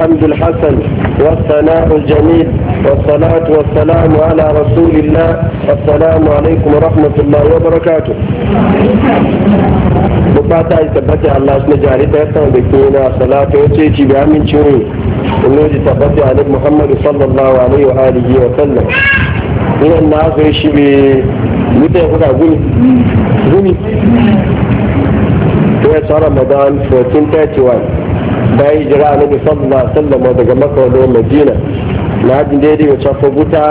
الحمد الحسن والثناء الجميل والصلاة والسلام على رسول الله السلام عليكم ورحمة الله وبركاته مباتا يتبتع الله اسم جاري تيسا بكينا صلاة وشيكي بأمين شوي ونوجي تبتع عن محمد صلى الله عليه وآله وسلم من الناس ويشي بي خدا غني غني في رمضان 1431 bayan jira annabi Musamman alaihi wasallam daga makka zuwa madina na hajjin daidai ya cafa guta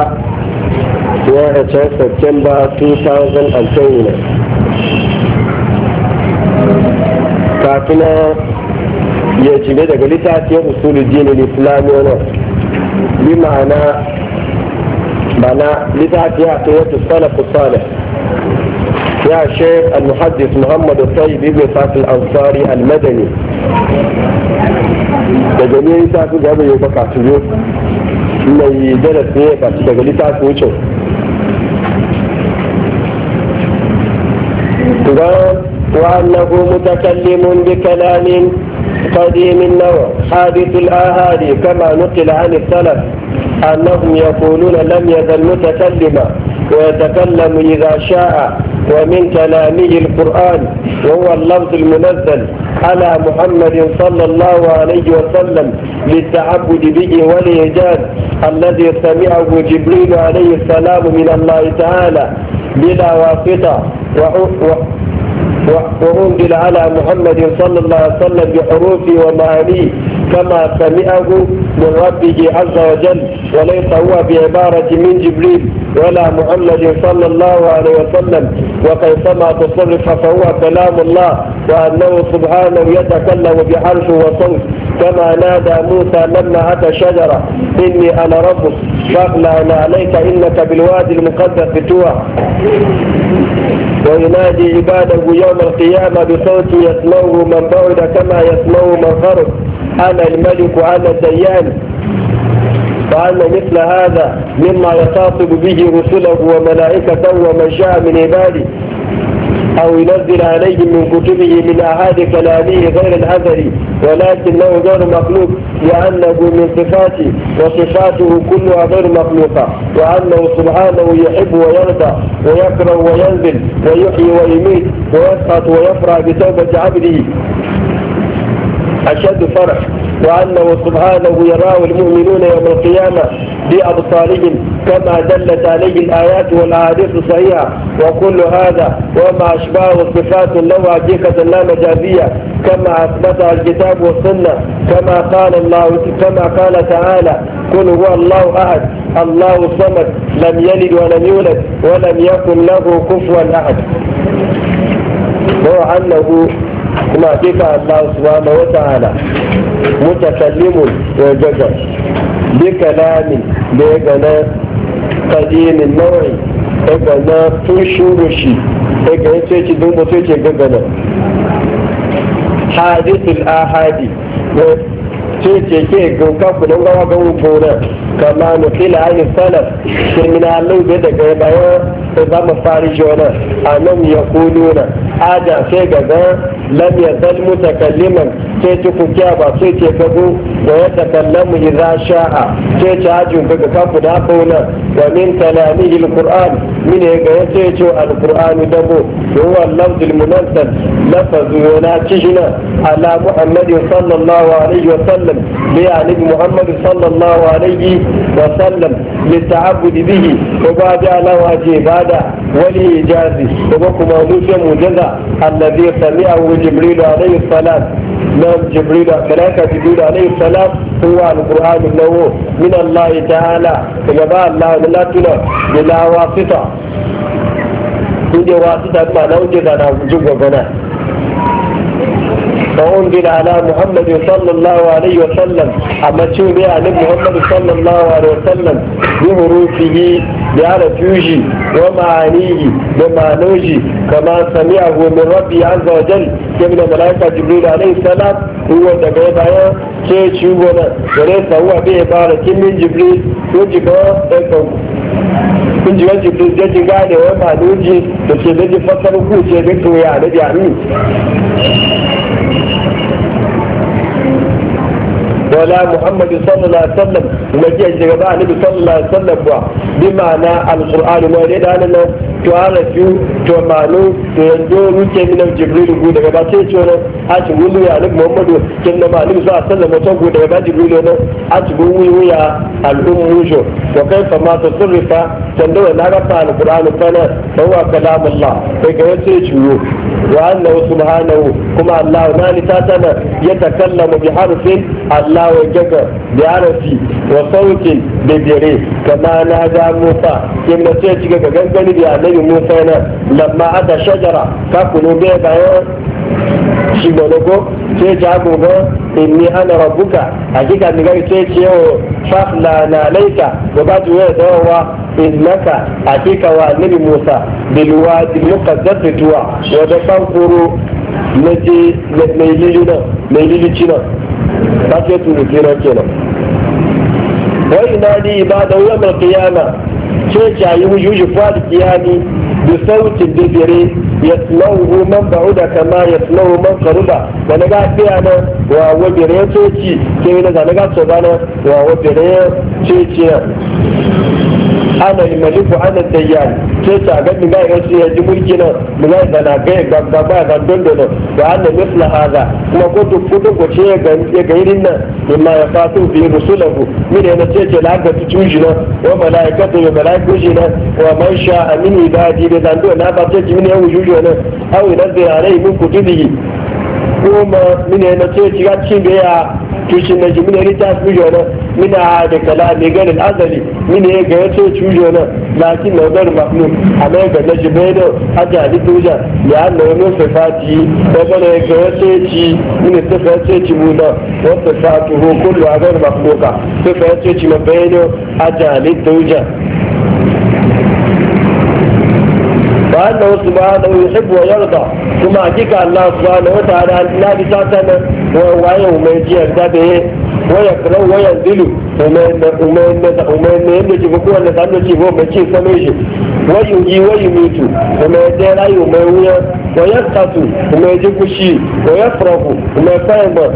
ya hace september 2020 kafin ya cime daga littafin usulul dinin islami wani bi ma'ana bana littafi ya ta wata salafu salih يا شيخ المحدث محمد الطيب ابن سعد الأنصاري المدني تجميع سعد قبل يبقى تجوز mai darasi ya kasu daga littafin وأنه متكلم بكلام قديم النوع حادث الاهالي كما نقل عن السلف أنهم يقولون لم يزل متكلما ويتكلم إذا شاء ومن كلامه القرآن وهو اللفظ المنزل على محمد صلى الله عليه وسلم للتعبد به والإيجاد الذي سمعه جبريل عليه السلام من الله تعالى بلا واسطة وأنزل على محمد صلى الله عليه وسلم بحروفه ومعانيه كما سمعه من ربه عز وجل وليس هو بعبارة من جبريل ولا محمد صلى الله عليه وسلم وكيفما تصرف فهو كلام الله وأنه سبحانه يتكلم بحرف وصوت كما نادى موسى لما أتى شجرة إني أنا ربك فاقلع أنا عليك إنك بالوادي المقدس بتوى وينادي عباده يوم القيامة بصوت يسمعه من بعد كما يسمعه من خرج أنا الملك وأنا الديان وأن مثل هذا مما يخاطب به رسله وملائكته ومن شاء من عباده أو ينزل عليهم من كتبه من أحد كلامه غير الهذري ولكنه غير مخلوق لأنه من صفاته وصفاته كلها غير مخلوقة وأنه سبحانه يحب ويرضى ويكره وينزل ويحيي ويميت ويسقط ويفرح بتوبة عبده أشد فرح وأنه سبحانه يراه المؤمنون يوم القيامة بأبصارهم كما دلت عليه الآيات والأحاديث الصحيحة وكل هذا وما أشباهه صفات له حقيقة لا مجازية كما أثبتها الكتاب والسنة كما قال الله كما قال تعالى قل هو الله أحد الله الصمد لم يلد ولم يولد ولم يكن له كفوا أحد وهو أنه kuma hakika Allah subhanahu wa ta'ala mutakallimun wa jaga bi kalamin da ya gana kadini nawai ya gana tun shuru shi ya gana sai ki dumbo sai ki gagana hadithul ahadi ce ce ke gauka ku don gawa ga gona kama nufila ayi salaf terminalu da daga ya bayan da za mu fari jona a nan ya kuluna ada sai gaba lam yazal mutakalliman sai ci ku kya ba sai ce gago wa ya takallamu idza sha'a sai ci hajin ga ka ku da kauna wa min kalamihi alquran min ga ya sai ce alquran dabo huwa al-lafz al-munazzal ala wa للتعبد به وبعد على واجب هذا ولإيجازه وبكما نوشي الذي سمعه جبريل عليه السلام نعم جبريل كلاك جبريل عليه السلام هو القرآن له من الله تعالى كما الله لا تلا بلا واسطة وجه واسطة ما نوجد وجه أنا وجه وبنا فأنزل على محمد صلى الله عليه وسلم أما تشوف عن محمد صلى الله عليه وسلم بحروفه بعرفه ومعانيه ومعنوه كما سمعه من ربي عز وجل kemina malaika jibril alayhi salam huwa da bai baya ce ci gona gare ta huwa bai fara kimin jibril ko jiga ɗaukan kun ji wani jibril da ji gane wani maluji da ke da ji fasar ku ce da to ya da biya wala muhammadu sallallahu alaihi wasallam maji ya shiga ba annabi sallallahu alaihi wasallam ba ma dai da nan to arafi to ruke min daga ba sai ce a ci wulu ya annabi muhammadu kinna ma annabi sallallahu alaihi wasallam to gu daga ya al'ummu jo وأنه سبحانه كما الله تاتنا يتكلم بحرف الله وجك بحرف وصوت بدري كما نادى موسى كما تيجي كغنغني بيا نبي موسى لما أتى شجرة كاكلوا بيه shi bologo ce sai ta inni ana rabbuka hakika mi gari ce ce yo fafla na laika ba ba ta waya dawowa a hakika wa nabi musa di muka muqaddas tuwa wadda da fankuru na je mai lili nan mai lili nan ba ce turu kenan kenan wai na ni ba da wuya mai kiyama ce ce a yi wujuji fuwa da kiyami بصوت الدجري يتلوه من بعد كما يتلوه من قرب ونجا بيانا ووبريا تيتي كي نجا نقع تبانا ووبريا تيتي ana yi maliku ana dayyan ce ta ga mi ga yasu ya ji mulki na mu ga da na ga ga ga ba ga dondo no da ana misla haza kuma ko duk ko ko ce ga ya ga irin nan mimma ya fatu bi rusulahu mi ne na ce ce la ga tuji na wa malaikatu ya malaiku ji na wa man sha amin ibadi da dan do na ba ce ji ne wujuju na aw ila zai alai min kutubihi kuma mi ne na ce ci ga cin da ya tushin na ji mi ne ta su ne. ina da kalami ganin azali mine ga yato cujo nan lakin na gar mahmu a mai ga na jibe da aja ni duja ya na wani sifati ko ga ne ga yato ci ina ta ga yato ci muna wata sa ta ho ko da gar mahmu ka ta ga yato ci mai da aja ni duja وأنه سبحانه يحب ويرضى ثم أتيك الله سبحانه وتعالى أن لا بساتنا ويوم يجي أكتبه waya kulau waya zilu umarni yadda ke fi wanda sanu ke fi mace sanu shi wayu yi wayu mitu umar da rayu mai wuya waya kasu umar ji kushi waya furaku umar fayin ba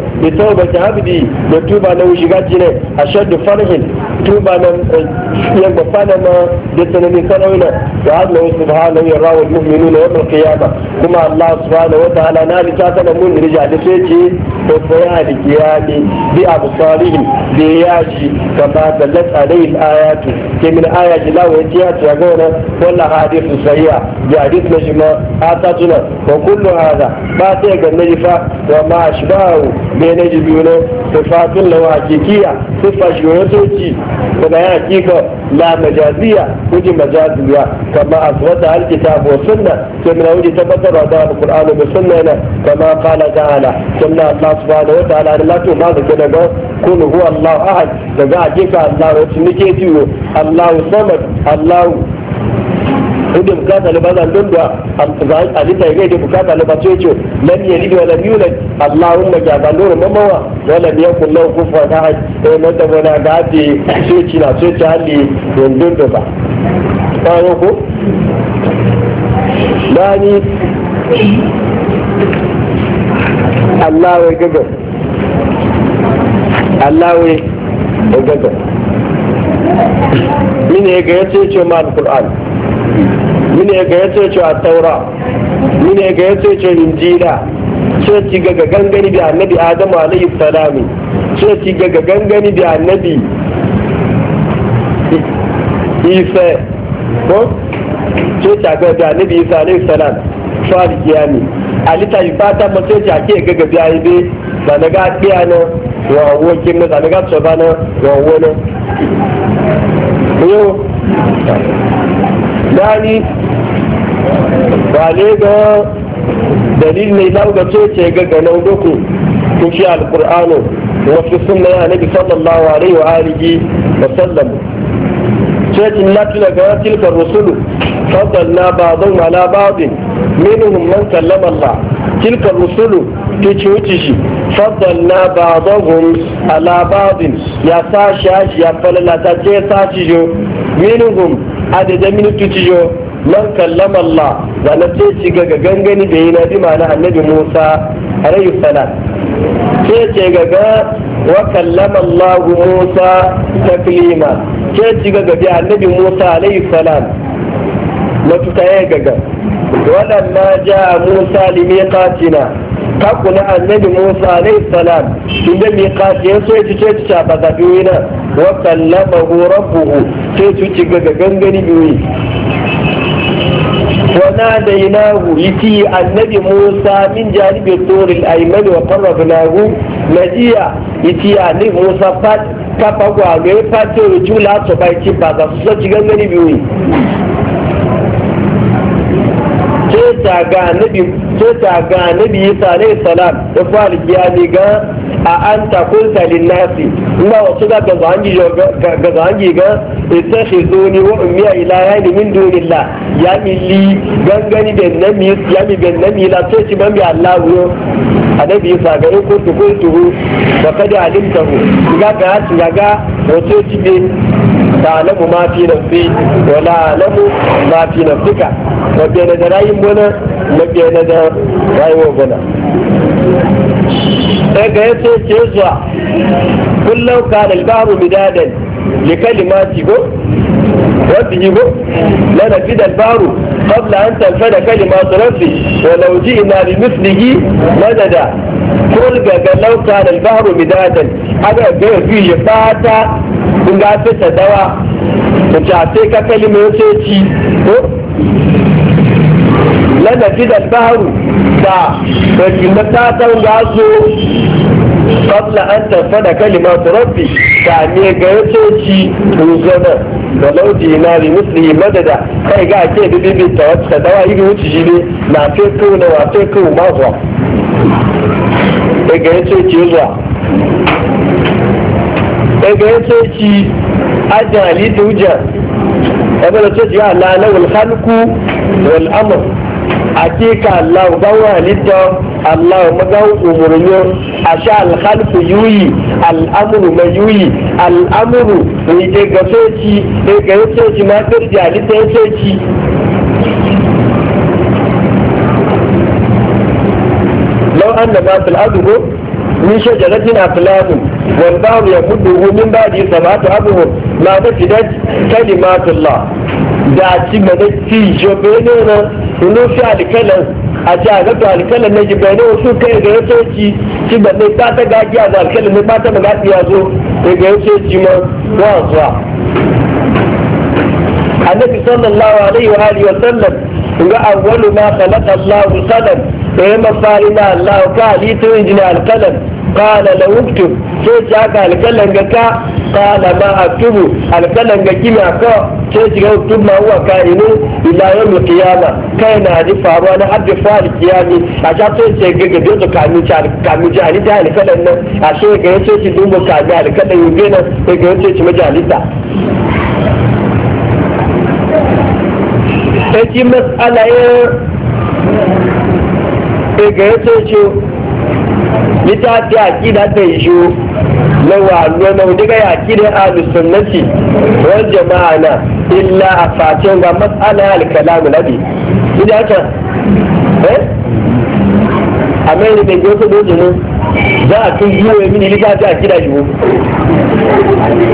da ta habdi da tuba na wuji gaji a shaddu farhin tuba na eh, يبقى فلما جسنا كرونا وعدنا سبحانه يراه المؤمنون يوم القيامة كما الله سبحانه وتعالى نال تاتنا من رجع لسيتي وفيان كياني بأبصارهم بياجي كما دلت عليه الآيات كمن آيات لا ويتيات يقولنا كل حديث سيئة بحديث نجمة آتاتنا وكل هذا ما تيقى النجفة وما أشباه بين نجبونه صفات الله حقيقية صفة شهرته وبيان حقيقة la majaziya wuji majaziya kama aswata al kitab sunna sai wuji tabbatar da alquran da sunna yana kama qala ta'ala sunna da latu ma da daga kun huwa allah inda bukata ne ba za don da alita ya gaida bukata ne ba ce ce lam yalid wa lam yulad allahun ja ba nuru mamawa wa ya yakul lahu ta ahad eh mata bana ga ce ce ci na ce ci hali don da ba ba ko dani Allah wai gaga Allah mine ga yace ce ma alquran mine ga ya ce cewa taura mine ga ya ce injila ce ci ga gangani da annabi adamu alayhi salamu ce ci ga gangani da annabi isa ko ce ci ga da annabi isa alayhi salam fari kiyami alita ibata ma ce ci a ke ga gabi ayi be ba na ga kiya na wa wo kin na ga tsoba na wa wo na yo dani ba ne ga dalil mai laugace ce ga ganau duku kun fi alƙur'anu wasu sunna ya nabi sallallahu alaihi wa alihi wa sallam cikin latila ga tilka rusulu faddalna ba'dhum ala ba'dhin minhum man kallama Allah tilka rusulu tici ci shi ba zan ala ba'dhin ya sa shi, ya falala ta je sashi jo minhum adada minitoci yo man kallama Allah da na ce ci ga gangani da yana bi ma'ana annabi Musa alayhi salam ce ce ga wa kallama Allah Musa taklima ce ci ga ga annabi Musa alayhi salam matuka ya gaga waɗanda ja Musa limiqatina kakuna annabi musa alayhi salam inda mai kasi ya so ya ci ce ci ba zafi wina wa kallama hu rabbuhu sai su ci ga gangani biyu wana da inahu yiti annabi musa min janibi turil aimani wa qarrabnahu najiya yiti annabi musa pat kafa gwa ga fato jula to bai ci ba za su ci gangani biyu ta ga nabi so ta ga nabi isa alayhi salam da fa'al kiyami ga a an ta kulta nasi, ina wasu ga gazangi ga isa shi zoni wa umiya ila ya ni min dunilla ya mi li gangani da nami ya mi ben nami la to ci ban bi Allah yo annabi isa ga in kuntu kuntu wa kad alimtahu ga ga ga ga wato ci be alamu ma fi nafsi fi wala alamu ma fi nafsika wa bi da rayin bona wa bi da rayuwa bona daga ya ce ce zuwa kullum ka da albaru midadan kalima ci go yi go la nafi da albaru qabla an tanfada kalimatu rabbi wa law ji'na bi mislihi madada kul ga ga law ka da albaru midadan aga ga bi ya fata kun ga ta dawa ta ce ka kalima ya ce ko lana gidan taru da baki matatan gaso kabla an tafada kalimatu rabbi ta ne ga yasoci ruzana da lauji na li musli madada kai ga ke bibi bi tawatta dawa ibi wuce shi ne na feko na wa feko ma zuwa ga yasoci zuwa ga yasoci ajali da wujar ابن تجعل له الخلق والامر hakika Allah alahu halitta Allah magan umurnin a sha alhalfu yi, al'amuru mai yi, al'amuru mai ke ga soci mai ga yi soci ma firji halitta ya soci lau an da ma fil'adu من شجرة أقلام والبعض يكده من بعد سبعة أبهر ما نفدت كلمات الله da ci gaba ci jobe ne na olóṣù àdìkẹ́lẹ̀ àti àgẹ́tọ̀ àdìkẹ́lẹ̀ méjì bẹ̀rẹ̀ oṣù kẹ́gẹ́ a ti ti gbẹ̀mí pátágá jẹ́ àwọn àdìkẹ́lẹ̀ ní pátágá ti aṣọ kẹ́gẹ́ tó ti mọ wọ́n àṣọ à. anabi sallallahu alayhi wa alihi wa sallam ga awwalu ma khalaqa allah qalam e ma farina allah ka ali to injina al qala law uktub sai ci haka alƙalan ga ka kala ma a tubu alƙalan ga a ka sai ci ga tun ma wa ka inu ila yau mu kiyama kai na ji faruwa na hadda fari kiyami a sha sai ce ga gabe su kami ci halitta alƙalan nan a sai ga ce ci dubu kami alƙalan yi gina sai ga ce ci majalita. Sai ci matsala yin ga yace ci littafi a ƙida ta yi shi lawa lona wani ga yaki da ahlu sunnati wal jama'a na illa a facen ga matsala alkalamu nabi idan ta eh amẹ́rin gbẹ̀gbẹ́ tó lóde mú dáa tó yí o èmi ní lítàtí àkídàjì wo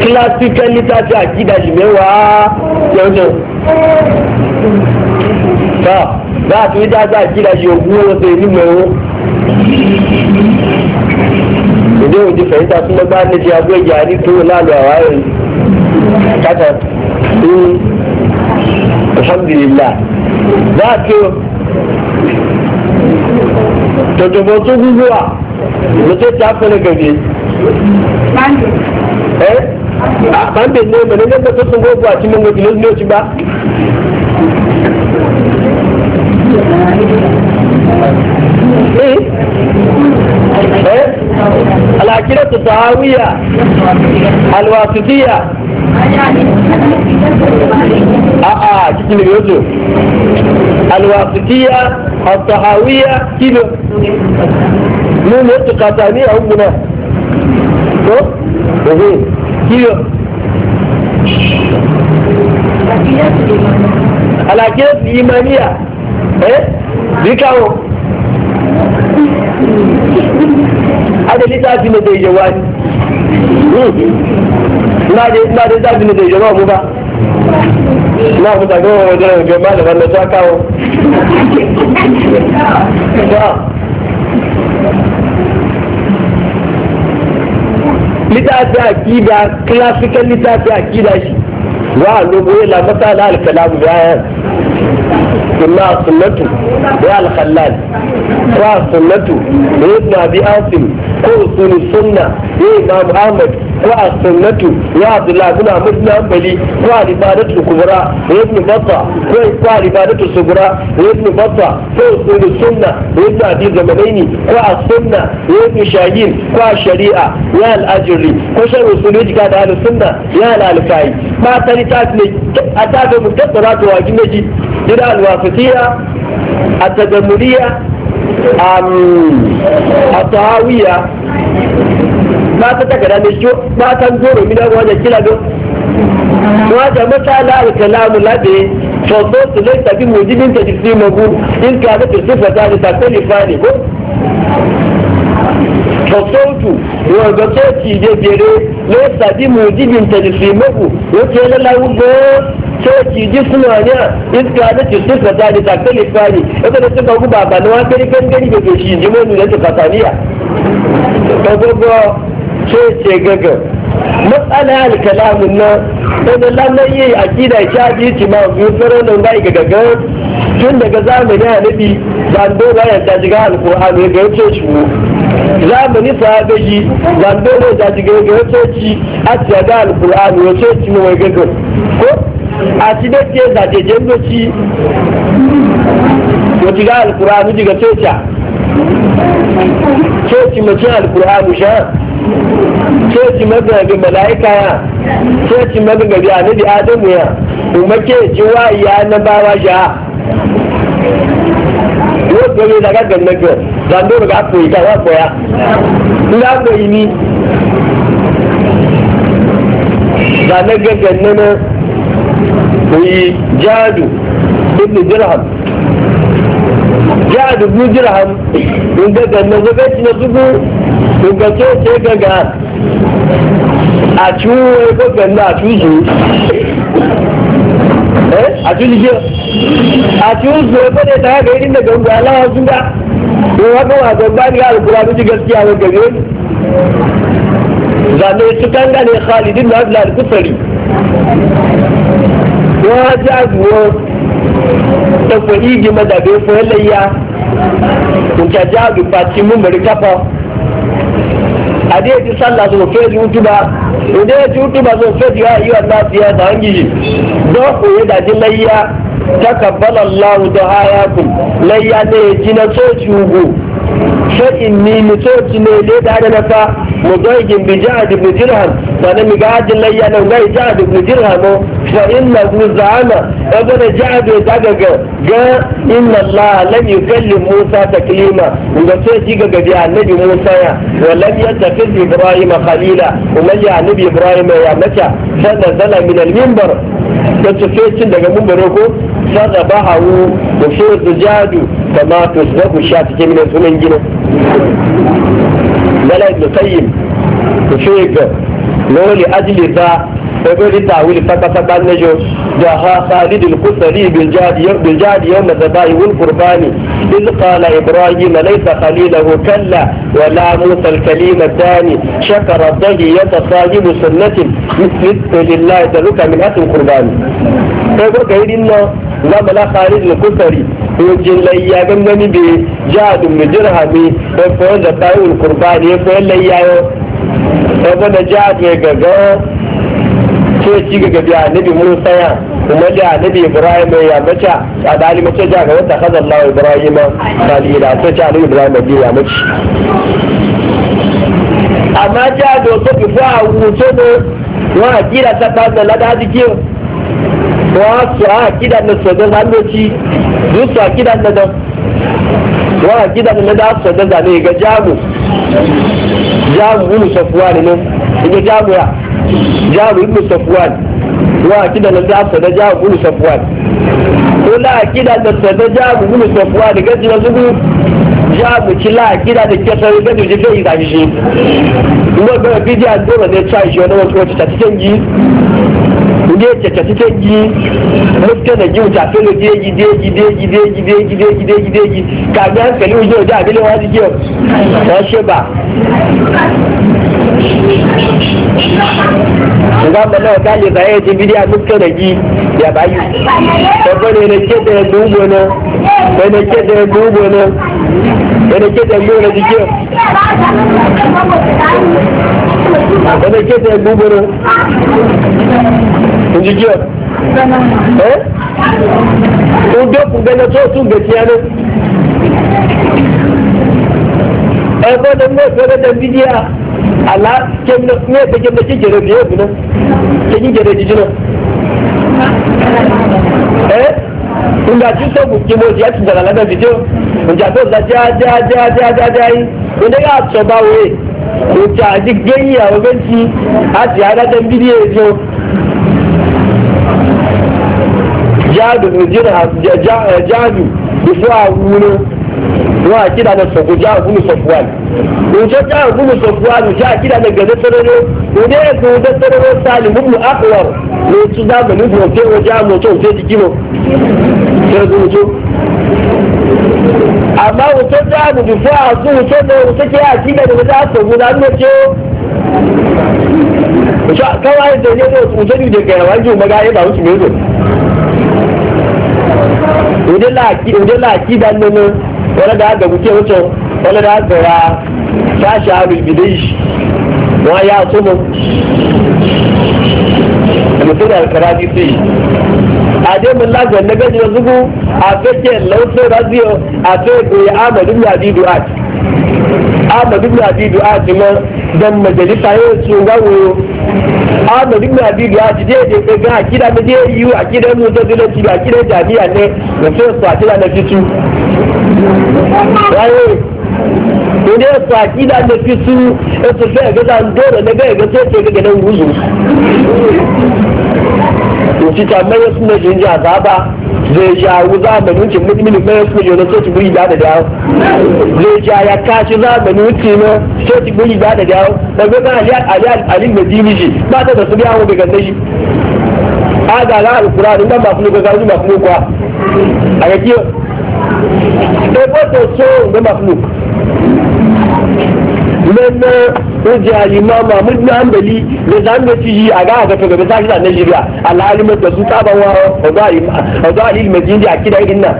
kílásíkẹ́ lítàtí àkídàjì mẹ́wàá lọ́nà náà dáa tó lítàtí àkídàjì ògún ọ̀sẹ̀ ni ẹ̀wọ̀n. ìdí òdì fẹ̀yìntà fún lọ́gbà ní ti agbó ìjà ní tó láàlú àwa rẹ̀ kátà ní alhamdulillah láti o tòtòbò tó gbúgbó eh eh al'aqidatu tahawiyya alwasitiyya a'a cikin da yoto alwasitiyya at-tahawiyya kilo mun yoto katani a hukuna ko eh kilo bikawo ada littafi na zai yawa ne hmm. na da littafi na zai yawa mu ba na mu tago wa wajen rage ma da wannan ta kawo littafi akida classical littafi akida shi wa a lobo ya lamata na alkalamu bayan ثم السنة يا الخلال والسنة لابن أبي عاصم أصول السنة لإمام أحمد والسنة يا عبد الله بن عمرو بن حنبلي والعبادة الكبرى لابن بطة والعبادة الصغرى لابن بطة وأصول السنة لابن أبي زمنيني والسنة لابن شاهين والشريعة يا الأجري وشر أصول كان أهل السنة يا الألفاي ما تاني تاكني أتابع مكتبرات واجب نجي كده الواسطية التجمهورية الطهاوية ما تتكلم الشو ما تنظر من وجه كلا وهذا مثلا الكلام الذي فالصوت ليس بموجب تجسيمه إن كانت الصفتان تختلفان فصوته وبصوتي جبري ليس بموجب تجسيمه وكلا له coci jisma ne iska na cikin fata ne takali fari yadda da suka guba ba na wakari gangari da ke shi jimoni da ta saniya ka gogo coci gaga matsala alkalamun nan wanda lamar yi akida sha caji ci ma biyu tsoron nan bai ga gaga tun daga zamani a nabi zando bayan ta shiga alkur'ani ga coci mu zamani sahabaji zando bayan ta shiga ga coci a cikin alkur'ani ya mu mai gaga ko àti méje ìdàjẹjẹ ń lòtí mo ti ká alukuraanu jìgà tóòtà tóòtì mo ti alukuraanu sàn tóòtì mo gbàgbé mọ̀láyíká yà tóòtì mo gbàgbé àníbi ádámù yà òmùkéèjì wá ìyá anábáwá yà yóò gbèrè ìdàgà gànàgàn gàdúrà ká pè ìdá wà pè ya ńlá pè yìí ni gànàgàn gànàgàn. jadu ibn dirham jadu ibn dirham in ga ganna zaga ci na zubu in ga ce ce ga ga a ciwo ko ganna a ciwo eh a ciwo ji a ciwo zo ba ne ta ga irin da ganga Allah sun ga ko haka wa ganga ni alqur'ani ji gaskiya wa gare ni zane su kan gane kufari wọ́n á já àgùwọ́ ẹ̀fọ́ yìí di mọ́tàbí fún ẹlẹ́yà òjàjá àgùpà ti mú mẹ́rin kápọ̀ àdéhùn sálà tó fẹ́ ju túbà òde ju túbà tó fẹ́ ju ayé ọ̀nà àti ẹ̀dá ń yìí dọ́ọ̀kù yẹn dàdí lẹ́yà takabbala Allahu da hayakum lẹ́yà ní èjì tó ti wù fẹ́ ìní ní tó ti ní ilé dáadáa náà fa mọ̀gá ìgbìmọ̀ فلم يجعد لي أنا وناي جعد ابن جرهم فإن ابن الزعامة ابن جعد دقق جاء إن الله لم يكلم موسى تكليما ونسوه جيقق بيع النبي موسى ولم يتخذ إبراهيم خليلا ومن يا نبي إبراهيم يا متى فنزل من المنبر تتفيت لك منبركم فضبعه وفوز جاد فما تصدق الشاتك من الزمن جنة ملا ابن قيم وفيك لولي أجل ذا فبري تعويل فتفت النجو جاها خالد القسري بالجادي بالجاد يوم الذبائح والقربان إذ قال إبراهيم ليس خليله كلا ولا موسى الكليم الداني شكر الضي يتصاجب سنة مثلت لله ذلك من أتم قربان فبري قيل إنه زم لا خالد القسري يجل لي من جاد من جرهمي فبري تعويل القربان فبري saboda na jihar mai gaggawa ce ci ga gabi nabi musa ya kuma da nabi ibrahim ya mace a dali mace ja ga wata hazan lawa ibrahim salila ta ce annabi ibrahim ya mace amma ja da wasu bifo a wuce ne a kira ta ba da lada jike wọn su a kidan na sojan hannoci duk su kidan na dan wa da na da su da zane ga jamu jamu ibn safwan ne ga jamu ya jamu ibn safwan wa akida na da su da jamu ibn safwan ko la akida da su da jamu ibn safwan ga jiya zugu jamu ki la akida da ke sai ga jiji da yi da shi kuma ga bidiya dole ne tsayi shi wani ko wacce ta cikin gi nge kyakya tike gi muske na gi wuta felo deji deji deji deji deji deji deji deji ka ga hankali wuje wuje a bilin wani kiyo ta she ba nga mọ náà ká lè báyẹ̀ ti bídí àmúkẹ́ rẹ̀ yí yàbá na ẹ̀fọ́ ni ẹnì kéde ẹgbẹ́ ugbó náà ẹnì kéde ẹgbẹ́ ugbó náà ẹnì na ẹgbẹ́ rẹ̀ ti na ẹnì da ẹgbẹ́ ugbó náà. Oúnjẹ diyor. ọ. Ẹ́ oúnjẹ kù gẹ́gẹ́ tó tún gbèsè ẹnu. Ẹ̀fọ́ ni mo fẹ́ lọ́dẹ bídí à àlá kéwìnà ní ẹ̀fẹ́ kéwìnà tí diyor. bí èbùnà kéjì bu kim náà. Ẹ́ oúnjẹ àti sọ́ọ̀bù diyor? mo ti ẹ̀tù jàrà lábẹ́ fídíò. Oúnjẹ àti ọ̀dà jẹ́ ne kadar ajẹ́ ajẹ́ ajẹ́ ayé. Oúnjẹ yà sọ báwo yìí. Oúnjẹ àti gẹ́yìn àwọn jadu eh, jadu bifo awuno wọn akida na sọkò jaa gunu sọfuwan njẹ jaa gunu sọfuwan njẹ akida na gẹdẹ tẹrẹrẹ òde ẹgbẹ òde tẹrẹrẹ sáàlì gbogbo akọwà ní tún dáàbò ní gbogbo òkè wọn jaa mọtò òkè di kíló tẹrẹ gbogbo tó. àmọ́ òtó jaa gùdù fún àtún òtó ní òtó kí akida ní òtó àtọ̀gùn náà ní òtó. káwáyé tẹ̀lé ní òtún òtó ní ìdèkẹ̀rẹ̀ wájú mẹ́ga ayé bàbá tùmí ìdílà àkídà nínú ọlọ́dà àgbẹ̀gùkẹ́ ọ̀tọ̀ ọlọ́dà àgbẹ̀rà ṣáṣà àbìbìdé yìí wọ́n yá ọtúnmọ́ ẹ̀mùsọ́dà àkàrà ti sí àdéhùn lágbẹ̀ẹ́ lẹ́gbẹ̀ẹ́ ṣubú àfẹ́kẹ́ lọ́sọ̀rọ̀ sí ọ àfẹ́ ìgbéyà àmọ̀dúnmí àdídùn àti. ahmad ibn abi du'a jima dan majalisa yau ce gawo ahmad ibn abi du'a ji dai dai ga akida da dai yi akida mu da dilanci da akida jami'a ne da sai su akida na fitu yayi ne su akida na fitu su sai ga dan dole ne ga ga sai ce ga dan guzu ci ta mai suna jinja zaba zai sha a zamani wuce mutumin mai kuje na soci guri da da zai sha ya kashi zamani wuce na soci guri da da dawo daga kan aliyar aliyar alin da dini shi ba ta da su biya wani ganda shi a ga na alkura da nan ba kuma ga gani kuma kuwa a ga kiyo ɗaya ko so ga ba kuma ko je alima mun na ambali da zan da ci a ga ga to gaba sai da najeriya alhalima da su ta taban wa ozo alil majindi a kida irin nan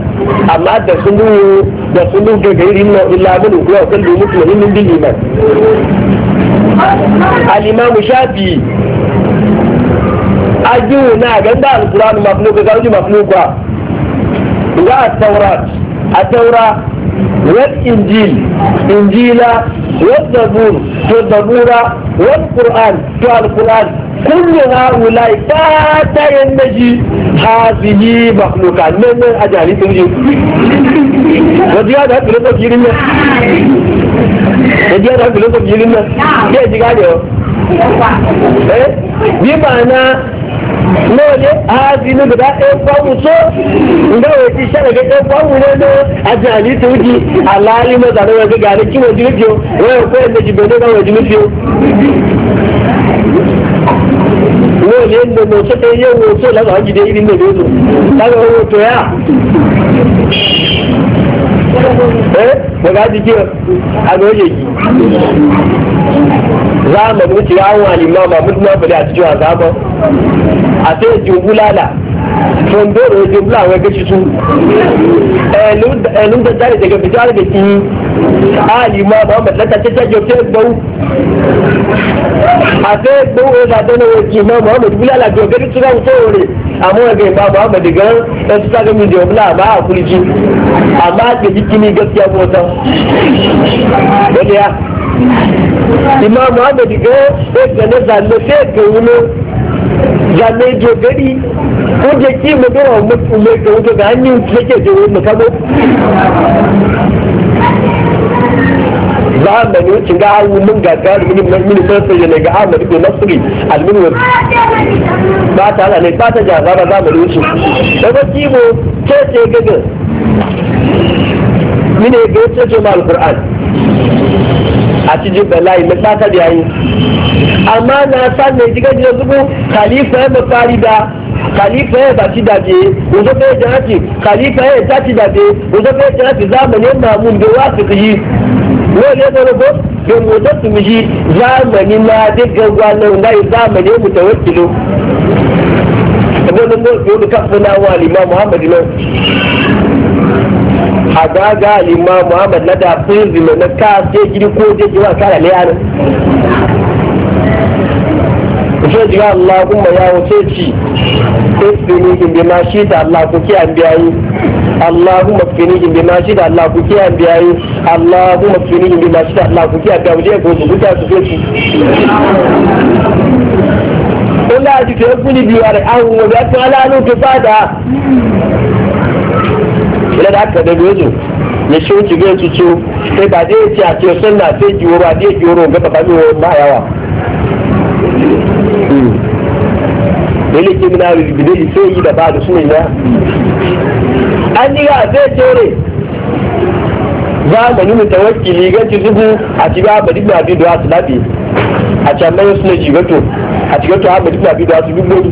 amma da sun da sun ga gairin nan illa bin kuwa ne min bil iman al-imam shafi ajiyu na ganda al-quran mafnu ga gauji mafnu ba ga at-taurat at-taura wal injil injila والزبور والزبورة والقرآن والقرآن كل هؤلاء فاتا ينجي هذه مخلوقات من من أجالي تنجي وزيادة فلسفة جيرنا وزيادة فلسفة جيرنا كيف تقال يا بمعنى lóòlé ààbí ní bùdá ẹgbàmù tó ǹgbà wò ti ṣẹlẹ̀ pé ẹgbàmù lẹ́nu ajá àlí tó di àlàálí mọ́ta lọ́wọ́ ẹgbẹ́ gàrí kí wọ́n dúró fi o wọ́n yóò kó ẹ̀mẹ́jì bẹ̀rẹ̀ náà wọ́n dúró fi o. lóòlé ń lọ mọ̀ sókè yẹ wo tó lọ́nà ọ̀jìdé yìí nílẹ̀ lónìí lábẹ́ owó tó yá. ẹ bọ̀dá ti kí za àgbẹ̀ ó yẹ yìí. záàmù ti àwọn àlìmọ́ àmọ́ àmúdúmọ́ àbẹ̀lẹ̀ àtijọ́ àzámọ́. àti èjì òbúlàlà fòndóró èjì òbúlà àwọn ẹgbẹ́ tuntun ẹ̀lú ń tẹ́tà ìdẹ̀gẹ̀ fìdí àrẹ̀dẹ̀ kì í ààyè mọ́ àwọn ọmọ ìtẹ́tà tẹ́tẹ́ jọ tẹ́ gbọ́wó àti gbọ́wó ìdàdọ́nà èjì mọ́ àwọn la ìbúlàlà jọ gẹ́gẹ́ tó dáhùn tó rè àwọn ẹgbẹ́ ìbá àwọn ọmọ ìdẹ̀gẹ́ ẹtú sáré mi dìọ̀ bílà àbá àkúrìjì àbá àgbèjì kí ni gẹ́gẹ́ bọ́ tán lọ́dẹ̀ ya ìmọ̀ àwọn ọmọ ìdẹ̀gẹ́ ẹgbẹ̀ ní zane je gari ko je ki magana wa mutumai ga wuta ga hannun yake a bani wucin ga mun ga gari mini mini ga ko nasiri ba ta ne ba ta daga gaga mini ga wuce ce ma alkur'an àti ju bẹ̀lá ilẹ̀ sátẹ̀dẹ̀ ayé àmọ́ náà sáàmì ìdíkẹ́jì lọ́sùkú kàlífà ẹ̀ mọ̀ parí da kàlífà ẹ̀ bá ti dàdé òṣèpẹ̀ jẹ́rẹ́tì kàlífà ẹ̀ tá ti dàdé òṣèpẹ̀ jẹ́rẹ́tì záàmù ní màmú ndé wá sìkì yìí wọ́n lé lọ́rọ́gbọ́ gbẹ̀mú ọjọ́ tù mí yìí záàmù ní máa dé gẹ́gbà lẹ́hùn láyé záàmù ní mùtẹ̀wé kìló ẹgbẹ́ ló ń bọ̀ agaga alima muhammad na da sun zima na ka sai gidi ko je ji wa kara le yana sai ji Allah kuma ya wuce ci in bi mashi da Allah ku ki an biyayi Allahumma fini in bi mashi da Allah ku ki an biyayi Allahumma fini in bi mashi da Allah ku ki an biyayi ko su ta su ci ji kuni ta fada ìlẹ́ da aka bí ó dùn lè ṣe oúnjẹ gẹ́gẹ́ ba zai ètí a ọ̀sẹ̀ náà àti èjì oró àti zai oró òǹkẹ́ ga mi wọ báyà yawa lele ke rubide yi da ba da suna ya an yi ga sai zamani mutawakkili ga zubu a ci ga abadi ba bi da wasu labi a can nan suna jigato a cigato a ba da su gudu.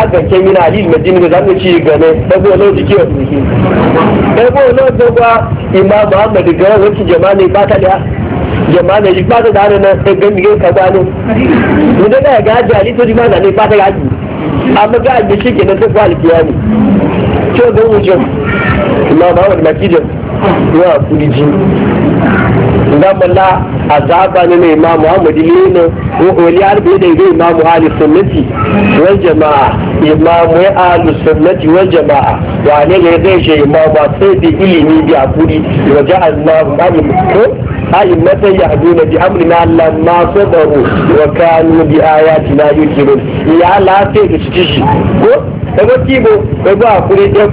aga ke mina alil majini ne zamu ci gane dago lo dike wa duki dago lo dago imam muhammad ga wacce jama'a ne ba ta da jama'a ne ba ta da ne da gani ga ka gano mu da ga jali to di ma ne ba ta ga ji amma ga ji shi ke da ta kwal ne to ga mu jin imam muhammad makijin ya kuri ji dan malla azaba ne na imam Muhammad ne wani arbe da ga imam Ali sunnati wal jama'a imam Ali sunnati wal jama'a wane ne zai je imam ba sai da ilimi da hakuri wa ja'alna alim ko alim mata yahduna bi n'a amrina lamma sabaru wa kanu bi ayatina yuqinun ya la sai da shi ko daga kibo daga hakuri da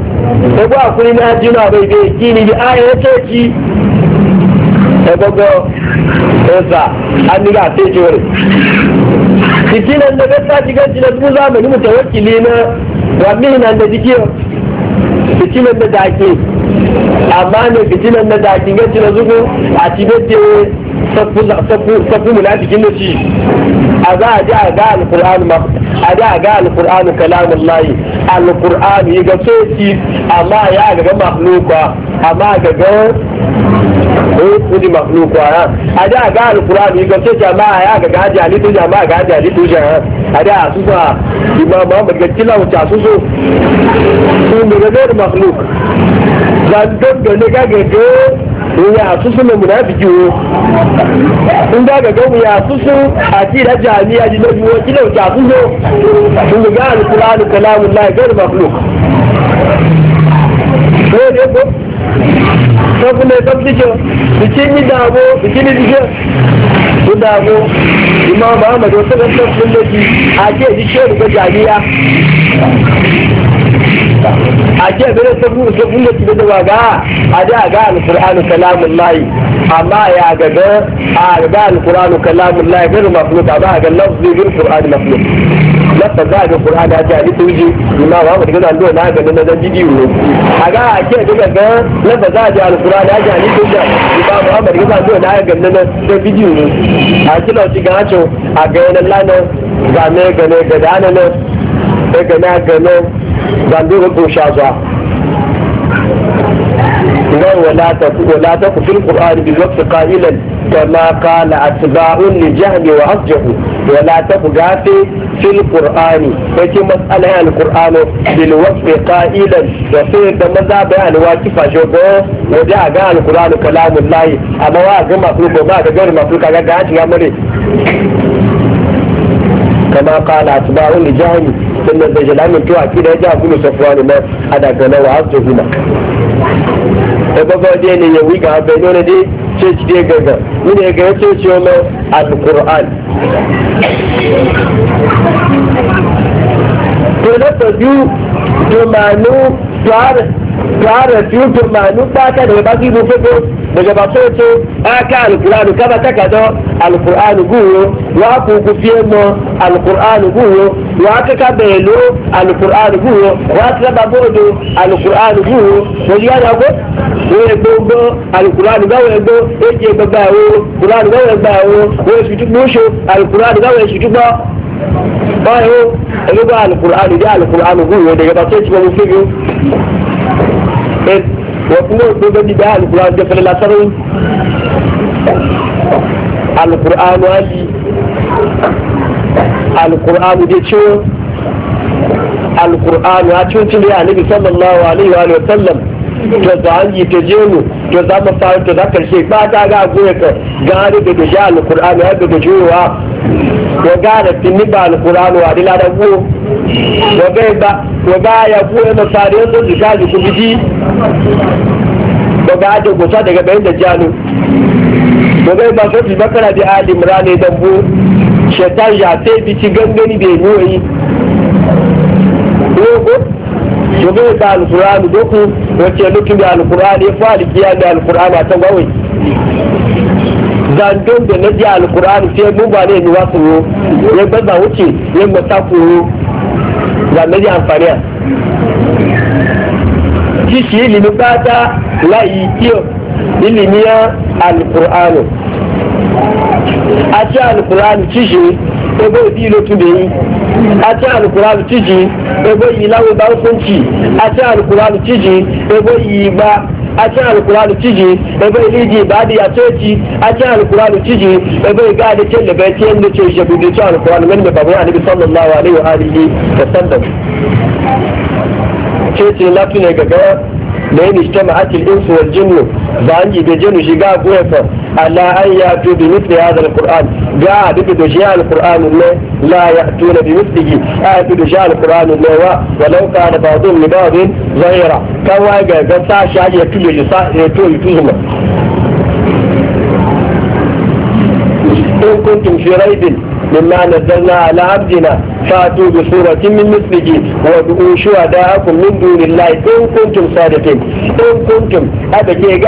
daga hakuri na jina bai bai kini bi ayata ki daga yasa an riga sai ce wani jiki nan da gasa jigan jina su zamani mu tawakkili na wani nan da jiki jiki nan da dake amma ne jiki nan da dake gasa jina zuku a cibiyar da safu munafikin da shi a za a ji a ga alkur'an ma a ji a ga alkur'an kalamun layi alkur'an yi ga soki amma ya ga ga mahluka amma ga ga ko kudi makhluku ha ada ga alqur'ani ga ce jama'a ya ga ga jali to jama'a ga jali to jama'a ada su ba imam Muhammad ga kila wuta su so su ne ga da makhluk dan don da ne ga ga ya su su ne munafiki wo in da ga ga ya su su a ci da jami'a ji na biyo kila wuta su so su ga alqur'ani kalamullah ga makhluk ko ne ko tó fún mi tó fi jọ ìtí ní dààbò ìtí ní díjọ tó dààbò ìmọ̀ ọmọ àmọ̀dé ó tó fẹ́ fún mi lójú ajé ìdíṣẹ́ olùgbẹ́jà yíyá. a ce bere sabu sabu da su da waga a da ga alqur'anu kalamun lahi amma ya ga ga a ga alqur'anu kalamun lahi gairu mafluq amma ga lafzi bil qur'ani mafluq lafza za ga qur'ani a ji to ji na ba mu daga nan na ga nan jidi ne a ga a ce daga ga lafza za ga alqur'ani a ji to ji ba mu amma daga na ga da jidi ne a kila ci ga a ga lana ga ne ga ne ga dana ne ga na ga ne zandoro ko sha zuwa لا ولا ولا تقف في القرآن بالوقت قائلا كما قال أتباع لجهل وأرجه ولا تبقى في في القرآن فكي مسألة القرآن بالوقت قائلا وفي دمزا بها الواقفة شبه وجاء قال القرآن كلام الله أما واقع مخلوق وما غير مخلوق أنا قاعد كما قال أتباع لجهل abin nan da jalamin to akida ya ji akulu safuwa ne ma a daga na wa hasu huma da baba wajen ne ya wiga abai nuna dai ce ci dai gaga ni ne ga ya ce ci wani alkur'an to na ta biyu tumanu tare biyu tumanu ba ta da ba su yi mufe daga ba so ce aka Ka ba ta kaza alkur'anu guwo wa ku ku fiye mu alkur'anu guwo waka ka belo alqur'an buho waka ka babodo alqur'an buho wani ya dago wani gbogbo alqur'an ga wani gbo eke gbogbo awo qur'an ga wani gbogbo awo wani su tukpo sho alqur'an ga wani su tukpo bayo ebe ba alqur'an ga alqur'an buho daga ba sai ci ba mu fi yo et eh, wa kuma gbogbo ni ba alqur'an ga fara lasaro alqur'an wani alkur'anu dai ciwo alkur'anu a cikin cin da annabi sallallahu alaihi wa sallam to za an yi ta mu to za mu fara to za karshe ba ta ga goye ka gani da da ja alkur'anu har da da jiwa wa gara tinni ba alkur'anu wa dila da go wa ga ba wa ga ya go na fara yanzu da ga ku biji wa ga da gosa daga bayan da janu wa ga ba sai bakara da ali imran dan bu shaitan ya sai ci gangani bai nuwayi logo to bai da alkur'ani doku wace lukin da alkur'ani ya fara kiya da alkur'ani a can gawai zandon da na ji alkur'ani sai mun ba ne ni wasu yo ya baza wuce ya mata koyo ga na ji amfani a kishi ilimin bata layi kiyo ilimiya alkur'ani àti àlùkùránù tíṣe ebe òbí ló tún lè yí àti àlùkùránù tíṣe ebe yìí láwọn bá ń fún tì àti àlùkùránù tíṣe ebe yìí gba àti àlùkùránù tíṣe ebe ìlíjì ìbáàdì àtẹ́ẹ̀tì àti àlùkùránù tíṣe ebe ìgbà àdéjẹ́ lẹ́bẹ̀ẹ́ tí ẹ̀ ń ṣe ìṣègùn ètò àlùkùránù mẹ́rin bàbá wọn àdébí sọ́nà láwọn àléwọ̀ àríyé ẹ̀sẹ̀ndọ̀m ce latin ne gaba da yin ishtama ake insu jinnu da an yi da jinnu shiga ألا أن يأتوا بمثل هذا القرآن جاء بجاء القرآن الله لا يأتون بمثله آية بجاء القرآن الله ولو كان بعضهم لبعض ظهيرا كما قد ساشا يكل يتول يتوهم إن كنتم في ريب مما نزلنا على عبدنا فاتوا بصورة من مثله وادعوا شهداءكم من دون الله إن كنتم صادقين إن كنتم هذا كي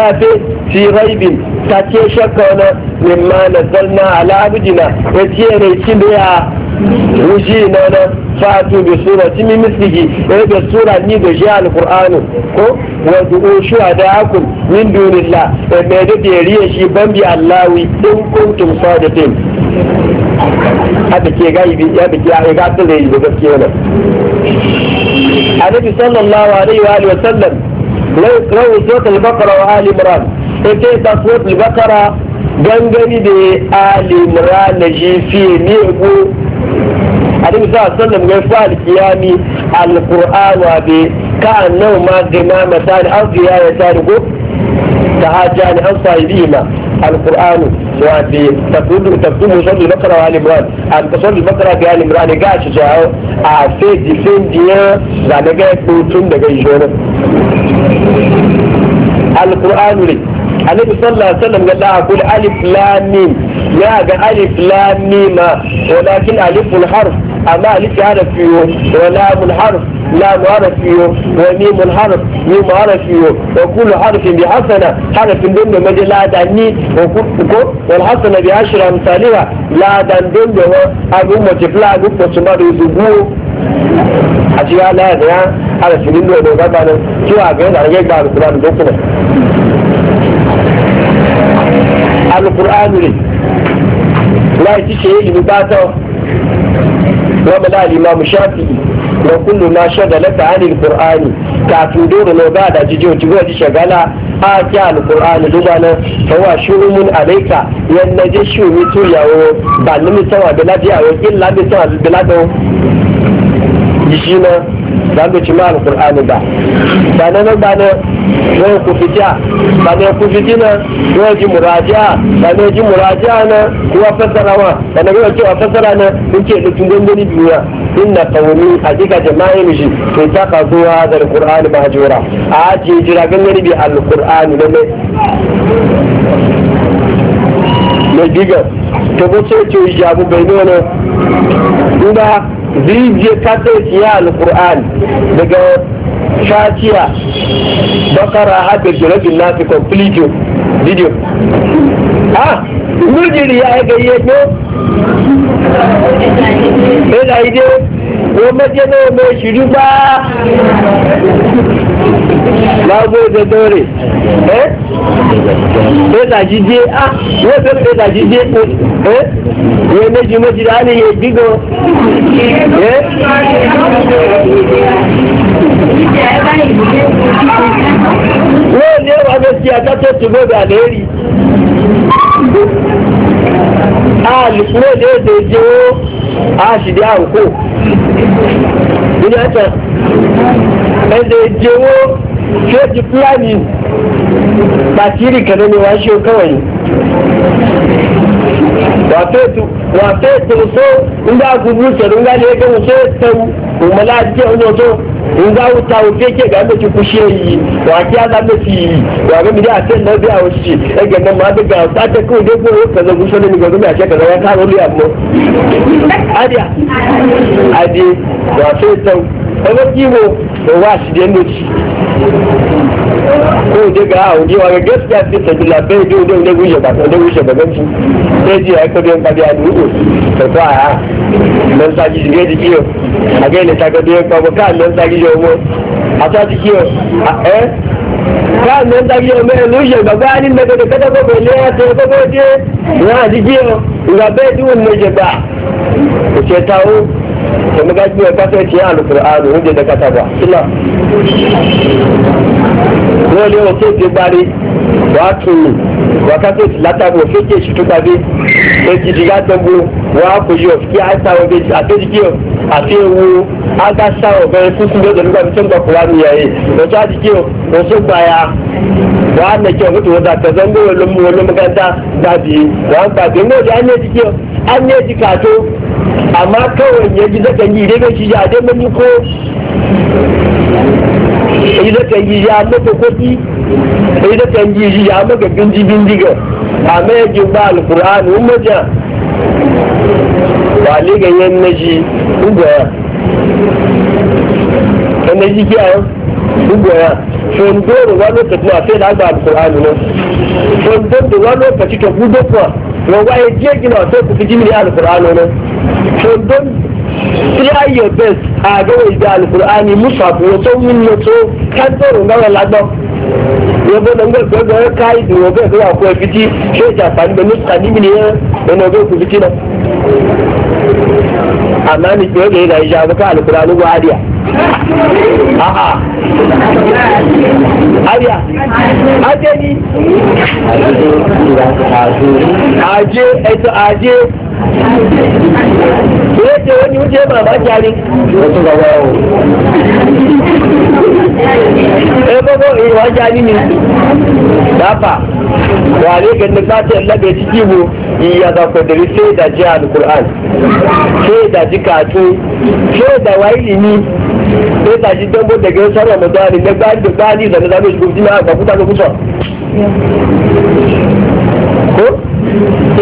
في ريب ta ce shakka wani mimma na zalna ala abijina ya ce ne ci da ya wuji na wani fatu bi sura ci mi misliki ya da sura ni da shi alkur'anu ko wa du'u shuhada'akum min dunillah ya mai da dariya shi ban bi allawi in kuntum sadiqin hada ke gaibi ya da ke ga tsare da yi gaskiya ne annabi sallallahu alaihi wa alihi wa sallam لا يقرأوا سورة البقرة وآل عمران ita ta suwat bakara gangari da alimra na jifi ne ko alaihi sallam ga fa alkiyami alquran wa bi ka annau ma gima mata da arziya ya ta rugo ta hajja ni an sahibi ma alquran wa bi takudu takudu sallu bakara wa alimran an tasallu bakara bi alimran ga shi jawo a fe difin diya da daga tun daga jona alquran ne annabi sallallahu alaihi wasallam ya da kul alif lam mim ya ga alif lam mim walakin aliful harf amma alif harf yo wala harf لام حرف وميم حرف ميم حرف وكل حرف بحسنة حرف ضمن مد لا دني والحسنة بعشر أمثالها لا دن ضمن أبو متفلا أبو فسمار يزبو أشياء لا يا حرف ضمن مد لا شو أقول أنا جاي بعد كلام alukuraanu ne láì ti ce yi bá tọ́ wọ́n bẹ̀rẹ̀ àlìmọ́ mùsàfì wa kullu ma shagala ta anil qur'ani kafin dole ne ba da jijo ti go ji shagala a ki al qur'ani duba na fa wa alaika yadda ji shi shuru tu yawo ba ni tawa da laji awo illa bi tawa da lado jishina da bi ci ma al ba ba na ba na fita ba ne ku fiti fìdí náà wọ́n jí mùràjá tàbí ẹjí mùràjá náà wọ́n fẹ́sára wọn tàbí wọ́n jí wọ́n fẹ́sára náà ń kí èdè tún gbóngbó níbi wọn inna kawumi hakika jama'i mishi to ta da hadha ba jura a ajiye jira ganin bi alqur'ani ne ne diga to bo ce ce jabu bai ne ne inda zai je ka ya alqur'ani daga fatiha bakara hada jiragin nasu complete video ah mujiri ya ide ko mai shiru ba dore eh jije ah jije eh ye meji meji ye eh Wai ne ba gaskiya ta su gobe alheri. A lukuro ne da jiwo a shi da anko. Ina ta, ɗan jiwo ti fulani bàtírí kanáà ni wọ́n ṣe kọ́wọ̀nyí wà fẹ́ tó so ńgbà gúgbú sẹ̀rọ̀ ńgbà lè gẹ́gẹ́ nga wuta wufe ke ga yadda ki kushe yi wa ki ya zama fi yi wa ga miliya a na biya wa shi ya ma da ga ta ta kawai dai ka ne ga zama ya ce ka zama ya karo ya mu adi wa sai ta kiwo da wa shi da ci ko je ga ne wa ga gaskiya ta ba ba sai ji ya kabe ta nan sagi shige da kiyo a ga ne taka doye kwa ka nan sagi yo mo a ta ji kiyo a eh ka nan sagi yo me illusion ba ba ni me da kada le ta ko ko je na ji kiyo ga be di won ne je ba ko ce tawo ko mu ga kiyo ka sai ci alqur'ani hunde da kata ba illa dole o ce ke bari Wa wákàtí látàbí òfin kejì tó tàbí èjìdí látọgbó wọn á kò yọ kí àìsà ọbẹ àtẹjíjì ọ àti ewu agbáṣà ọbẹ kúkú lọ́dọ̀ nígbà tó ń gbà kúrò àmì ẹyẹ lọ́jọ́ àdìjì ọ lọsọ gbà ya wọn á nẹjọ wọn tó wọn dà tẹsán gbé wọn lọmọ wọn lọmọ gàdá dàbí wọn gbàgbé wọn ò dé ànẹjì ọ ànẹjì kàtó àmọ́ kẹwọn ìyẹn jíjẹ kẹyìn ìdẹgbẹsí yà àdẹmẹni kó. èyí ló kẹ́ yíyí amẹ́kọ̀ọ́kọ́ tí èyí ló kẹ́ yíyí amẹ́kọ̀ bíndí bíndí gẹ̀ amẹ́jọ gba alukur'an umeja wà lé gẹ̀yẹ́ nẹ́jì ugbọ̀ ya ẹnẹ́jì kí a ugbọ̀ ya fondoro wani lokaci na sai da agba alukur'an ne fondoro wani lokaci to gudu kuwa wọ́n wáyé díẹ̀ gina ọ̀sẹ̀ kò fi jí mi ní alukur'an ne try your best àgbẹ̀wò ìgbà alukur'ani musafu wọ́n tó wí tó kántóró ńgbàwọ̀ lágbọ́ yẹ bó lọ gbẹgbẹ gbẹgbẹ ká ìdìbò bẹẹ bẹẹ àkó ẹbí tí ṣé ìjà àǹfààní bẹẹ mẹsìkà níbi nìyẹn ẹnì ọgbẹ òkú fìtí náà àmọ́ ní pé ó lè ra ìjà àbúkà alukur'ani wọ àdìyà. Àríà, ajé ni, ajé, ẹ̀tọ́ ajé, ya ce wani wuce ba ba kyari wasu ga wawo ɗaya gogo eh wa kyari ne dafa wale ga ni ba ta labe ciki bu ya da kudiri sai da ji sai da ji kato sai da wayi ni sai da ji dango daga yau sarwa na gani da gani zane zane shi gudu na ga kuta kusa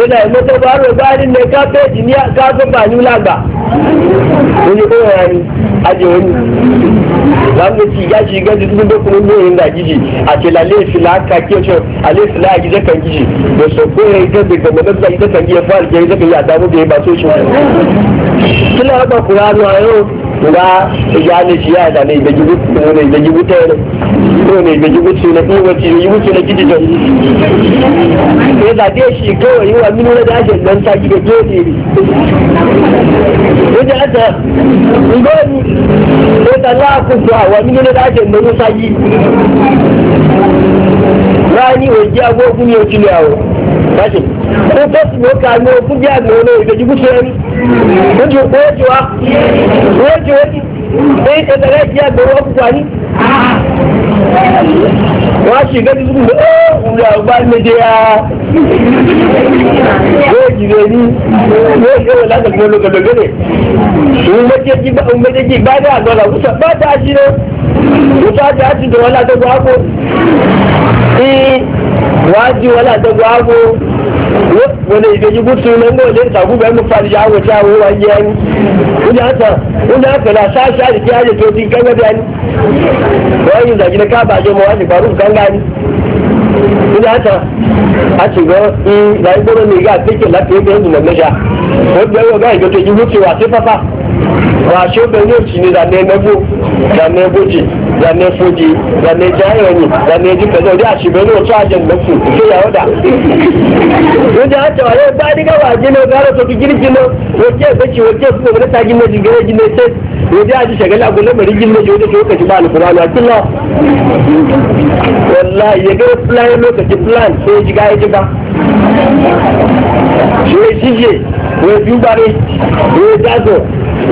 ìlà ìmọ́tò ba ro ba ni ne ka pe ji ni ka so ba ni o ni ni ti ji ṣe gẹ́gẹ́ la tó kún ní òyìnbá jíjì àti ìlàlẹ́ ìfìlà àkàkí ọ̀ṣọ́ àlẹ́ ìfìlà àjíjẹ́ kan jíjì lọ sọ pé gẹ́gẹ́ gbẹ̀gbẹ̀ ji àjíjẹ́ kan jíjẹ fún àlùjẹ́ àjíjẹ́ kan yà dáwọ́ bí ibà tó ṣe ba lọ́wọ́ bọ̀ kúrò àánú àárọ̀ nga ìyá ni ṣì yá ne ìgbẹ́jìgbó òun ni ìgbẹ́jìgbó ne ko ni ìgbẹ́jìgbó tiwọn ìwọ̀n ti ìgbẹ́jìgbó ki ji jọ zade shi kawai yi wa minu na dajin nan ta gida ne wajen ko ta za wa ta rani agogun ko ji ne ga sai ta ku kwani wọ́n á sì gẹ́gẹ́ tó ọ́ òun àgbà méje ya yóò yóò láti fún bá bá dá sí látọ̀gbọ́ wàá jí wọ́n látọ̀gbọ́ wani ibeji gutu nan ga wajen tagu bayan mu ya wuce awo wani ya ni wanda haka wanda haka na sha sha kan ga wani zagi na ka baje mu wani faru kan gani wanda haka a ce mm, ga na yi goro ne ga take lafiya da yanzu na gasha wanda yau ga ibeji gutu wa sai fafa rashe da ne ci ne da ne nago da ne goji da ne foji da ne jayoni da ne jika zai da shi bai zo a jan nasu ke ya wada ko da hata wa yau ba ni ga waje ne ga rato ki girki ne wace bace wace ko ne ta gina jingire jine sai waje a ji shagala ko na bari gina jode ko kaji ba alquran akilla plan lokaci plan sai ji ga ya ji ba shi shi je ko biyu bare ko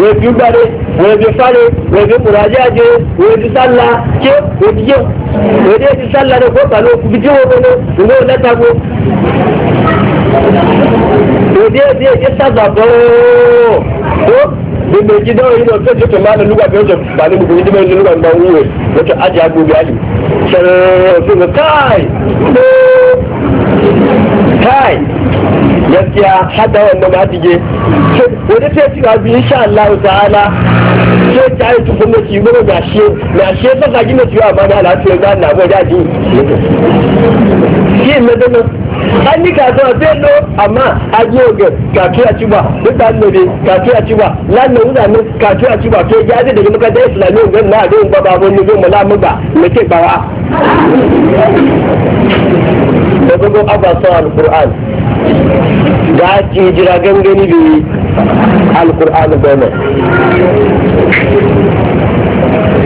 wọ́n ti gbàdé wọ́n ti fálẹ̀ wọ́n ti kùràjá jẹ wọ́n ti sálà ké wọ́n ti yẹ wọ́n ti yẹ ti sálà rẹ̀ kó pàlọ́ òkú bíi tí wọ́n wọlé ìwé lẹ́tàgbó. wọ́n ti yẹ ti yẹ ti sábà bọ́ọ̀ ó gbogbo ìdíná yìí lọ tó ti tó máa lọ nígbà tó tó bá ní gbogbo ìdíná yìí nígbà nígbà wúwo ló kai gaskiya hada wannan ma dige wani sai ci ga bi insha Allah ta'ala sai ta yi tukun da ci gaba ga shi na shi fa gina ciwa amma na lafiya ga na ba da ji shi ne da an yi kasuwa zai lo amma a ji oge kaki a ciba da ne kaki a ciba lannan mutane kaki a ciba to ya ji daga makarantar islamiyya ga na abin ba ba wani zo mala mu ba mu ke bawa da gogo abasan al-qur'an ga ci jira gangani bi al-qur'an bane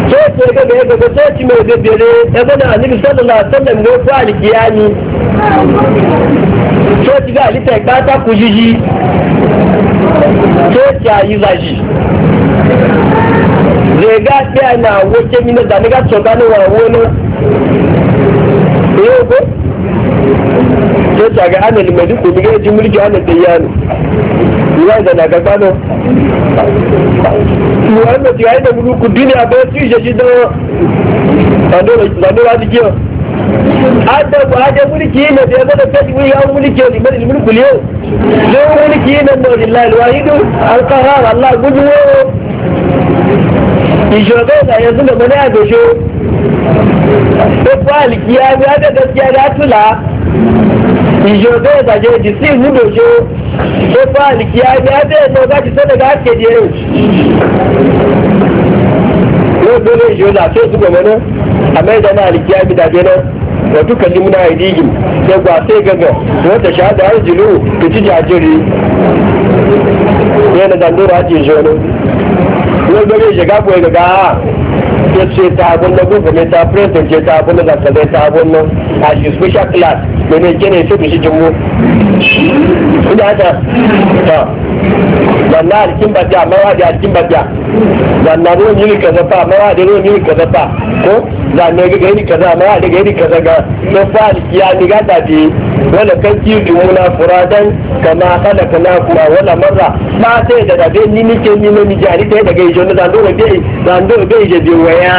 sai ce ga ga ga sai ci mai da bere ya bana annabi sallallahu alaihi wasallam ne ko alkiyani tó ti gá àlítẹ̀ pátákù yíyí tó ti àyíza yìí zèga pé àná àwọ̀ kémi náà dànígà tọ̀gá ní wọn náà èyí ògbó tó ti àgá àná lìmẹ̀dí kò nígbà tí àná ìwà àgbàgbà náà ìwà adda ku aje mulki ne da yazo da kaji wi an mulki ne bal mulku ne ne mulki ne da lillahi alwahid alqahar allah guduwo ishoga da yanzu da bane a gasho ko kwaliki ya ga da gaskiya da tula ishoga da je disi mu dojo ko kwaliki ya ga da to ga ji sai da ke je ko dole ishoga sai su gobe ne amma idan alikiya bi da je ne wa duka limna aidihim sai ba sai gaga wata shahada har jilu ci jajiri yana da ajiye ji jono wani gare shiga ko ga ah, ya ce ta abun na gugu mai ta president ce ta abun da ta ta abun nan a shi special class da ne kene su bishi jimmo ina ta ta zanna alkin badiya mawa da alkin badiya zanna ruwan yiri kaza fa mawa da ruwan yiri kaza fa ko za ne ga gani kaza ya daga gani kaza ga na fa ya ni ga da bi wala kan ji dumuna furadan kama kala kana kuma wala marra ba sai da da ni ni ke ni ni jari da daga ijo na dando be dando be je bi waya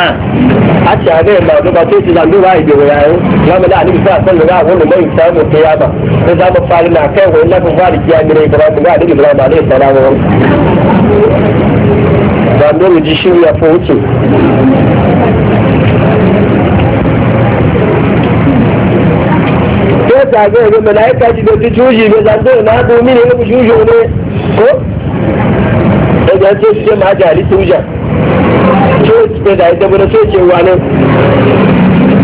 a ta ne ba do ba sai ti dando ba ijo waya ya ma da ali sa san da wannan mai samu ta ya ba sai za mu fara na kai wannan kan fal ya ni ne ba ga da Ibrahim alaihi salam ba ndo ji shi ya fa ta ga ga malaika ji da tuji be zan da na do ne mu jujo ne ko da ga ce ce ma ga ali tuja ce be da ita bura ce ce wani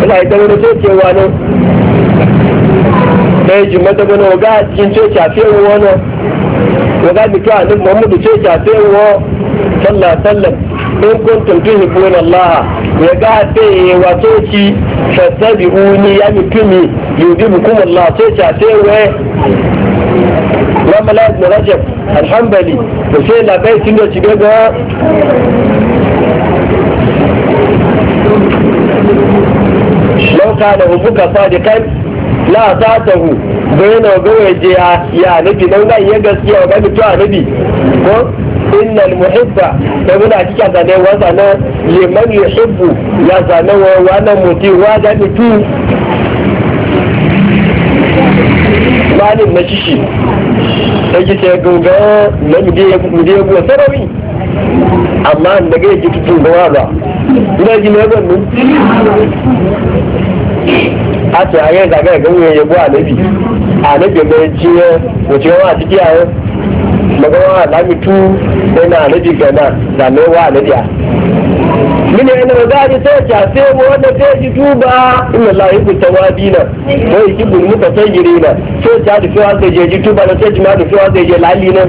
ina ita bura ce ce wani da ji mata bana ga cikin ce ce afi wani wa ga bi ka annabi ce ce afi wani sallallahu sallam in kuntum tuhibbuna Allah ya ga dai wato ki fattabi'uni ya mutumi يجيبكم الله تيتا تيوي وملا ابن رجب الحنبلي وسيل لبيت انه تجيبها لو كان أبوك صادقا لا تعته بين وبين يا نبي لو لا يجلس يا وبين تو نبي إن المحبة تقول muna أنا zane لمن يحب liman yuhibbu ya zane wa wannan malin na kishi sai ki ce gunga na muje sarari amma da ga yake tutun gawa ba ina ji na gwannu a ce a yi zagaya ga wuyan ya guwa nabi a nabi ga wace yawa a ciki a yau lamitu nabi gana da mai wa nabi a من أن مزاج تشع سيب وأن تشي توبا إن الله يحب التوابين ويحب المتطيرين تشع في هذا الجي توبا نتشي ما في هذا الجي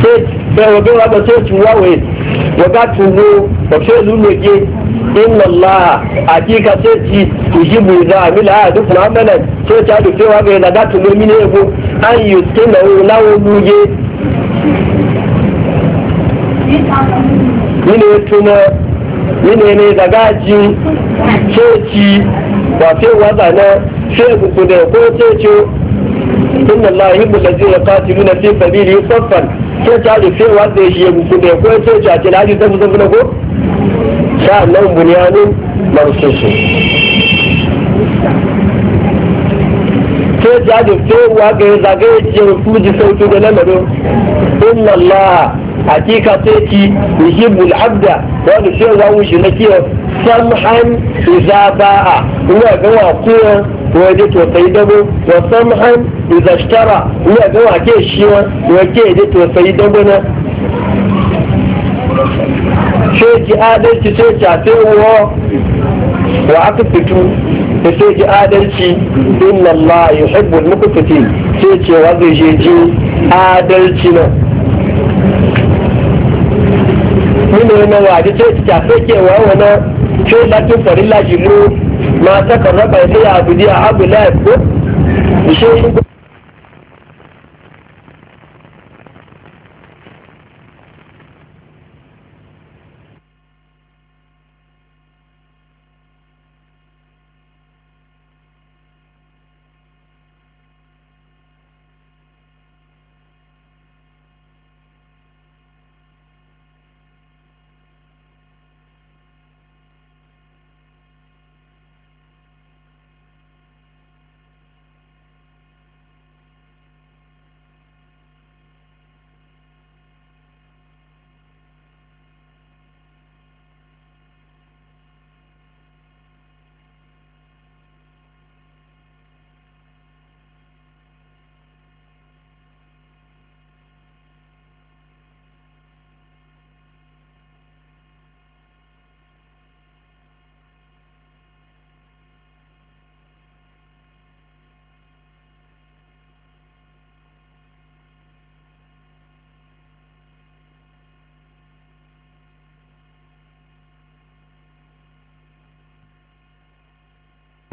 da sai wabe wa ba sai tuwa wai waga tuwo ba sai lulluke inna Allah hakika sai ci tujibu da amila a duk mu'amalan sai ta dukewa ga yana da tuwo mine an yi lawo buge yana ya tuna yana ne da gaji ceci ba ce wata na ce buku da ko cece inna Allah yuhibbu allazina qatiluna fi yi saffan ce ta da ce wata shi ya buku da ko cece a ce cikin hadisi da zan ko sha Allah bunyanin marsusu sai ta ji sai waza zagaye ce ku ji sauki da lamarin inna Allah عتيكا تيكي يجيب العبد وانا شيء واوجي نكيه صمحا اذا باع هو جوا قوة ويدت وسيدمو وصمحا اذا اشترى هو جوا كيشيو ويدت وسيدمونا شيكي آدلتي شيكي عتيوه وعقبتو فسيج آدلتي إن الله يحب المقفتين سيج وضي جيجي آدلتنا جي fún mi náà wà á di tó ti ṣàfẹ́kẹ̀ wà wọn náà tí ó ma fọ̀rí láti mú máa tẹ́kọ̀ọ́ rọ́bà ilé àbúdí àbúlá ẹ̀kọ́